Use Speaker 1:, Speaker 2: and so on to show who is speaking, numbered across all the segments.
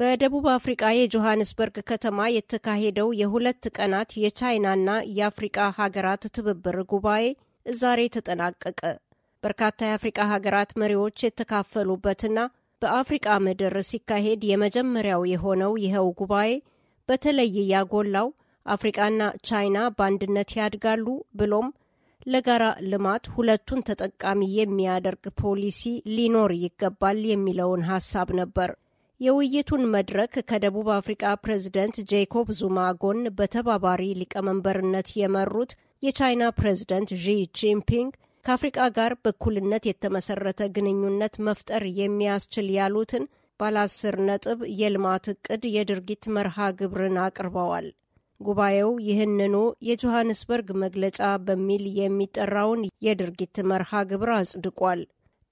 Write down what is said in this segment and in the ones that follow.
Speaker 1: በደቡብ አፍሪቃ የጆሃንስበርግ ከተማ የተካሄደው የሁለት ቀናት የቻይናና የአፍሪቃ ሀገራት ትብብር ጉባኤ ዛሬ ተጠናቀቀ። በርካታ የአፍሪቃ ሀገራት መሪዎች የተካፈሉበትና በአፍሪቃ ምድር ሲካሄድ የመጀመሪያው የሆነው ይኸው ጉባኤ በተለይ ያጎላው አፍሪቃና ቻይና በአንድነት ያድጋሉ ብሎም ለጋራ ልማት ሁለቱን ተጠቃሚ የሚያደርግ ፖሊሲ ሊኖር ይገባል የሚለውን ሀሳብ ነበር። የውይይቱን መድረክ ከደቡብ አፍሪቃ ፕሬዝደንት ጄኮብ ዙማ ጎን በተባባሪ ሊቀመንበርነት የመሩት የቻይና ፕሬዝደንት ዢ ጂንፒንግ ከአፍሪቃ ጋር በእኩልነት የተመሰረተ ግንኙነት መፍጠር የሚያስችል ያሉትን ባለ ነጥብ የልማት እቅድ የድርጊት መርሃ ግብርን አቅርበዋል። ጉባኤው ይህንኑ የጆሐንስበርግ መግለጫ በሚል የሚጠራውን የድርጊት መርሃ ግብር አጽድቋል።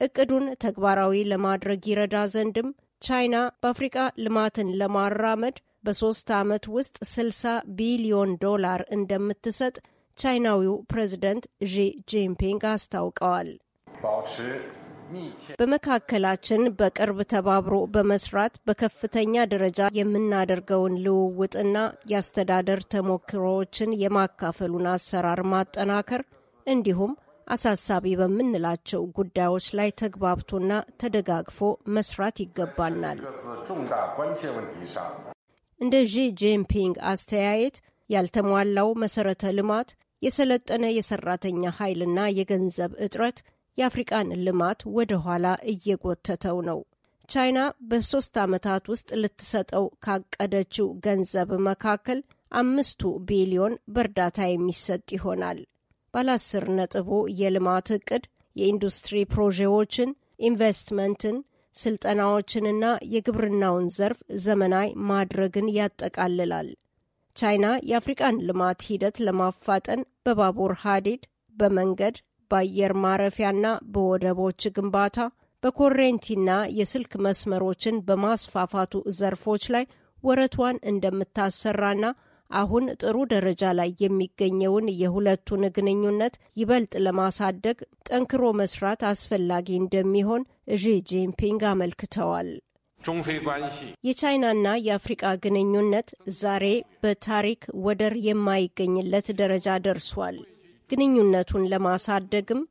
Speaker 1: እቅዱን ተግባራዊ ለማድረግ ይረዳ ዘንድም ቻይና በአፍሪቃ ልማትን ለማራመድ በሶስት ዓመት ውስጥ 60 ቢሊዮን ዶላር እንደምትሰጥ ቻይናዊው ፕሬዚደንት ዢ ጂንፒንግ አስታውቀዋል። በመካከላችን በቅርብ ተባብሮ በመስራት በከፍተኛ ደረጃ የምናደርገውን ልውውጥና የአስተዳደር ተሞክሮዎችን የማካፈሉን አሰራር ማጠናከር እንዲሁም አሳሳቢ በምንላቸው ጉዳዮች ላይ ተግባብቶና ተደጋግፎ መስራት ይገባናል። እንደ ዢ ጂንፒንግ አስተያየት ያልተሟላው መሰረተ ልማት፣ የሰለጠነ የሰራተኛ ኃይልና የገንዘብ እጥረት የአፍሪቃን ልማት ወደ ኋላ እየጎተተው ነው። ቻይና በሶስት ዓመታት ውስጥ ልትሰጠው ካቀደችው ገንዘብ መካከል አምስቱ ቢሊዮን በእርዳታ የሚሰጥ ይሆናል። ባለ ነጥቡ የልማት እቅድ የኢንዱስትሪ ፕሮጀዎችን፣ ኢንቨስትመንትን፣ ስልጠናዎችንና የግብርናውን ዘርፍ ዘመናዊ ማድረግን ያጠቃልላል። ቻይና የአፍሪቃን ልማት ሂደት ለማፋጠን በባቡር ሀዲድ፣ በመንገድ፣ በአየር ማረፊያና በወደቦች ግንባታ በኮሬንቲና የስልክ መስመሮችን በማስፋፋቱ ዘርፎች ላይ ወረቷን እንደምታሰራና አሁን ጥሩ ደረጃ ላይ የሚገኘውን የሁለቱን ግንኙነት ይበልጥ ለማሳደግ ጠንክሮ መስራት አስፈላጊ እንደሚሆን ዢ ጂንፒንግ አመልክተዋል። የቻይናና የአፍሪቃ ግንኙነት ዛሬ በታሪክ ወደር የማይገኝለት ደረጃ ደርሷል። ግንኙነቱን ለማሳደግም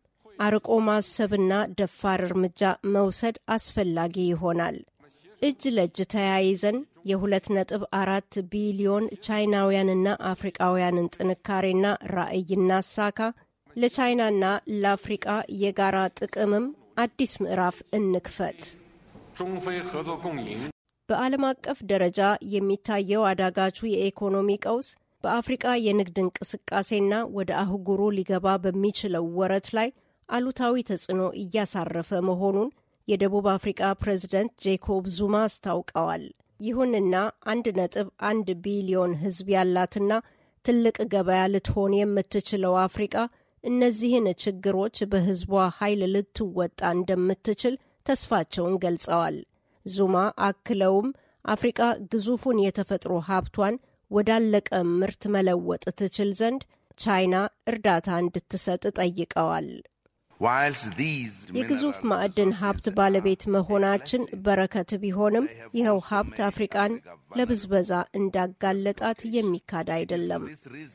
Speaker 1: አርቆ ማሰብና ደፋር እርምጃ መውሰድ አስፈላጊ ይሆናል። እጅ ለእጅ ተያይዘን የ2.4 ቢሊዮን ቻይናውያንና አፍሪቃውያንን ጥንካሬና ራዕይ እናሳካ። ለቻይናና ለአፍሪቃ የጋራ ጥቅምም አዲስ ምዕራፍ እንክፈት። በዓለም አቀፍ ደረጃ የሚታየው አዳጋቹ የኢኮኖሚ ቀውስ በአፍሪቃ የንግድ እንቅስቃሴና ወደ አህጉሩ ሊገባ በሚችለው ወረት ላይ አሉታዊ ተጽዕኖ እያሳረፈ መሆኑን የደቡብ አፍሪቃ ፕሬዝደንት ጄኮብ ዙማ አስታውቀዋል። ይሁንና አንድ ነጥብ አንድ ቢሊዮን ህዝብ ያላትና ትልቅ ገበያ ልትሆን የምትችለው አፍሪቃ እነዚህን ችግሮች በህዝቧ ኃይል ልትወጣ እንደምትችል ተስፋቸውን ገልጸዋል። ዙማ አክለውም አፍሪቃ ግዙፉን የተፈጥሮ ሀብቷን ወዳለቀ ምርት መለወጥ ትችል ዘንድ ቻይና እርዳታ እንድትሰጥ ጠይቀዋል። የግዙፍ ማዕድን ሀብት ባለቤት መሆናችን በረከት ቢሆንም ይኸው ሀብት አፍሪቃን ለብዝበዛ እንዳጋለጣት የሚካድ አይደለም።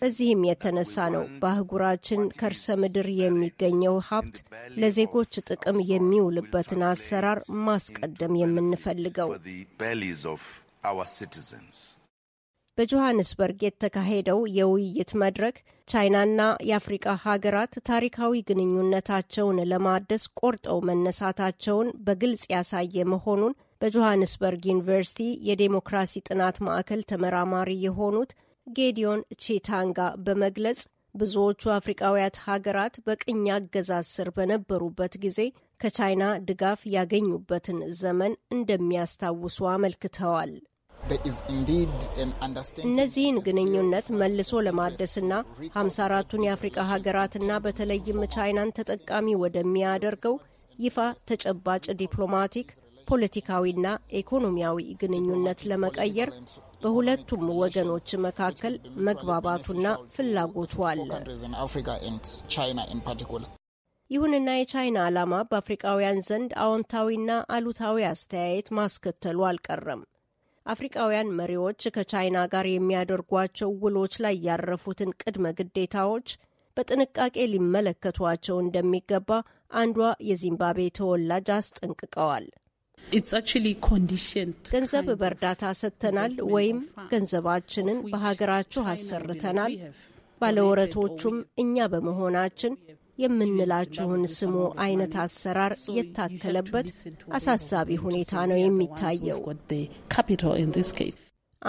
Speaker 1: እዚህም የተነሳ ነው በአህጉራችን ከርሰ ምድር የሚገኘው ሀብት ለዜጎች ጥቅም የሚውልበትን አሰራር ማስቀደም የምንፈልገው። በጆሃንስበርግ የተካሄደው የውይይት መድረክ ቻይናና የአፍሪቃ ሀገራት ታሪካዊ ግንኙነታቸውን ለማደስ ቆርጠው መነሳታቸውን በግልጽ ያሳየ መሆኑን በጆሃንስበርግ ዩኒቨርሲቲ የዴሞክራሲ ጥናት ማዕከል ተመራማሪ የሆኑት ጌዲዮን ቺታንጋ በመግለጽ ብዙዎቹ አፍሪቃውያት ሀገራት በቅኝ አገዛዝ ስር በነበሩበት ጊዜ ከቻይና ድጋፍ ያገኙበትን ዘመን እንደሚያስታውሱ አመልክተዋል። እነዚህን ግንኙነት መልሶ ለማደስና 54ቱን የአፍሪቃ ሀገራትና በተለይም ቻይናን ተጠቃሚ ወደሚያደርገው ይፋ ተጨባጭ ዲፕሎማቲክ ፖለቲካዊና ኢኮኖሚያዊ ግንኙነት ለመቀየር በሁለቱም ወገኖች መካከል መግባባቱና ፍላጎቱ አለ። ይሁንና የቻይና ዓላማ በአፍሪቃውያን ዘንድ አዎንታዊና አሉታዊ አስተያየት ማስከተሉ አልቀረም። አፍሪቃውያን መሪዎች ከቻይና ጋር የሚያደርጓቸው ውሎች ላይ ያረፉትን ቅድመ ግዴታዎች በጥንቃቄ ሊመለከቷቸው እንደሚገባ አንዷ የዚምባብዌ ተወላጅ አስጠንቅቀዋል። ገንዘብ በእርዳታ ሰጥተናል ወይም ገንዘባችንን በሀገራችሁ አሰርተናል ባለወረቶቹም እኛ በመሆናችን የምንላችሁን ስሙ አይነት አሰራር የታከለበት አሳሳቢ ሁኔታ ነው የሚታየው።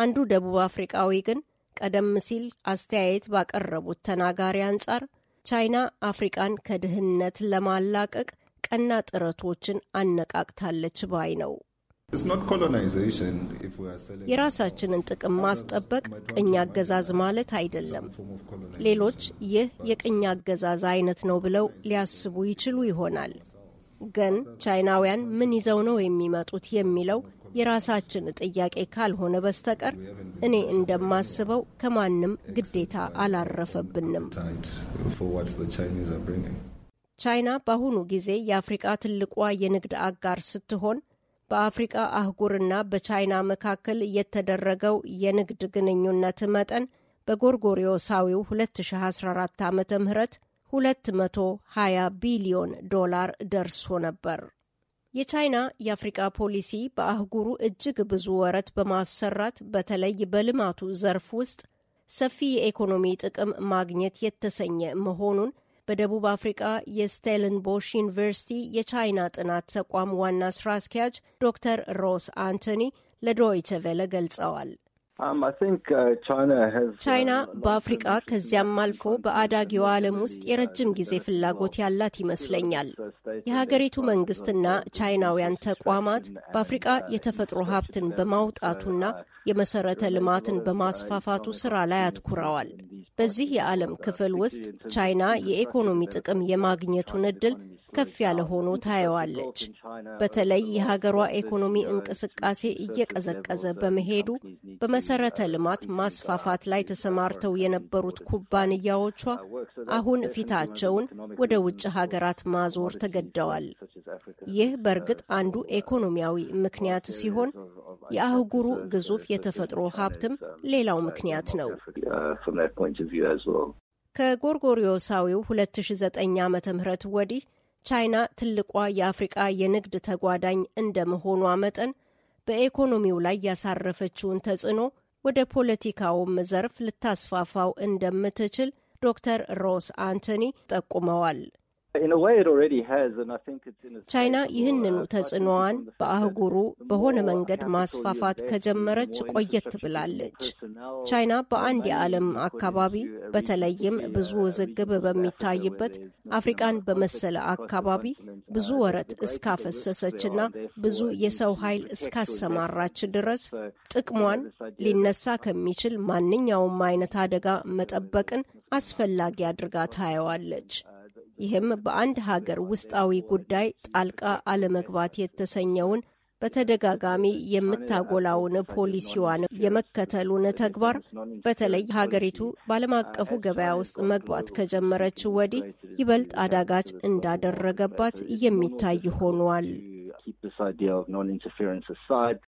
Speaker 1: አንዱ ደቡብ አፍሪቃዊ ግን ቀደም ሲል አስተያየት ባቀረቡት ተናጋሪ አንጻር ቻይና አፍሪቃን ከድህነት ለማላቀቅ ቀና ጥረቶችን አነቃቅታለች ባይ ነው። የራሳችንን ጥቅም ማስጠበቅ ቅኝ አገዛዝ ማለት አይደለም። ሌሎች ይህ የቅኝ አገዛዝ አይነት ነው ብለው ሊያስቡ ይችሉ ይሆናል። ግን ቻይናውያን ምን ይዘው ነው የሚመጡት የሚለው የራሳችን ጥያቄ ካልሆነ በስተቀር እኔ እንደማስበው ከማንም ግዴታ አላረፈብንም። ቻይና በአሁኑ ጊዜ የአፍሪቃ ትልቋ የንግድ አጋር ስትሆን በአፍሪቃ አህጉርና በቻይና መካከል የተደረገው የንግድ ግንኙነት መጠን በጎርጎሪዮሳዊው 2014 ዓ ም 220 ቢሊዮን ዶላር ደርሶ ነበር። የቻይና የአፍሪቃ ፖሊሲ በአህጉሩ እጅግ ብዙ ወረት በማሰራት በተለይ በልማቱ ዘርፍ ውስጥ ሰፊ የኢኮኖሚ ጥቅም ማግኘት የተሰኘ መሆኑን በደቡብ አፍሪቃ የስቴልንቦሽ ዩኒቨርሲቲ የቻይና ጥናት ተቋም ዋና ስራ አስኪያጅ ዶክተር ሮስ አንቶኒ ለዶይቸ ቬለ ገልጸዋል። um, uh, uh, ቻይና በአፍሪቃ ከዚያም አልፎ በአዳጊው ዓለም ውስጥ የረጅም ጊዜ ፍላጎት ያላት ይመስለኛል። የሀገሪቱ መንግስትና ቻይናውያን ተቋማት በአፍሪቃ የተፈጥሮ ሀብትን በማውጣቱና የመሰረተ ልማትን በማስፋፋቱ ስራ ላይ አትኩረዋል። በዚህ የዓለም ክፍል ውስጥ ቻይና የኢኮኖሚ ጥቅም የማግኘቱን እድል ከፍ ያለ ሆኖ ታየዋለች። በተለይ የሀገሯ ኢኮኖሚ እንቅስቃሴ እየቀዘቀዘ በመሄዱ በመሰረተ ልማት ማስፋፋት ላይ ተሰማርተው የነበሩት ኩባንያዎቿ አሁን ፊታቸውን ወደ ውጭ ሀገራት ማዞር ተገደዋል። ይህ በእርግጥ አንዱ ኢኮኖሚያዊ ምክንያት ሲሆን የአህጉሩ ግዙፍ የተፈጥሮ ሀብትም ሌላው ምክንያት ነው። ከጎርጎሪዮሳዊው 2009 ም ወዲህ ቻይና ትልቋ የአፍሪቃ የንግድ ተጓዳኝ እንደመሆኗ መጠን በኢኮኖሚው ላይ ያሳረፈችውን ተጽዕኖ ወደ ፖለቲካውም ዘርፍ ልታስፋፋው እንደምትችል ዶክተር ሮስ አንቶኒ ጠቁመዋል። ቻይና ይህንኑ ተጽዕኖዋን በአህጉሩ በሆነ መንገድ ማስፋፋት ከጀመረች ቆየት ብላለች። ቻይና በአንድ የዓለም አካባቢ በተለይም ብዙ uh, ውዝግብ በሚታይበት አፍሪቃን በመሰለ አካባቢ ብዙ uh, ወረት እስካፈሰሰችና ብዙ የሰው ኃይል እስካሰማራች ድረስ uh, ጥቅሟን ሊነሳ ከሚችል ማንኛውም አይነት አደጋ መጠበቅን አስፈላጊ አድርጋ ታየዋለች። ይህም በአንድ ሀገር ውስጣዊ ጉዳይ ጣልቃ አለመግባት የተሰኘውን በተደጋጋሚ የምታጎላውን ፖሊሲዋን የመከተሉን ተግባር በተለይ ሀገሪቱ በዓለም አቀፉ ገበያ ውስጥ መግባት ከጀመረች ወዲህ ይበልጥ አዳጋች እንዳደረገባት የሚታይ ሆኗል።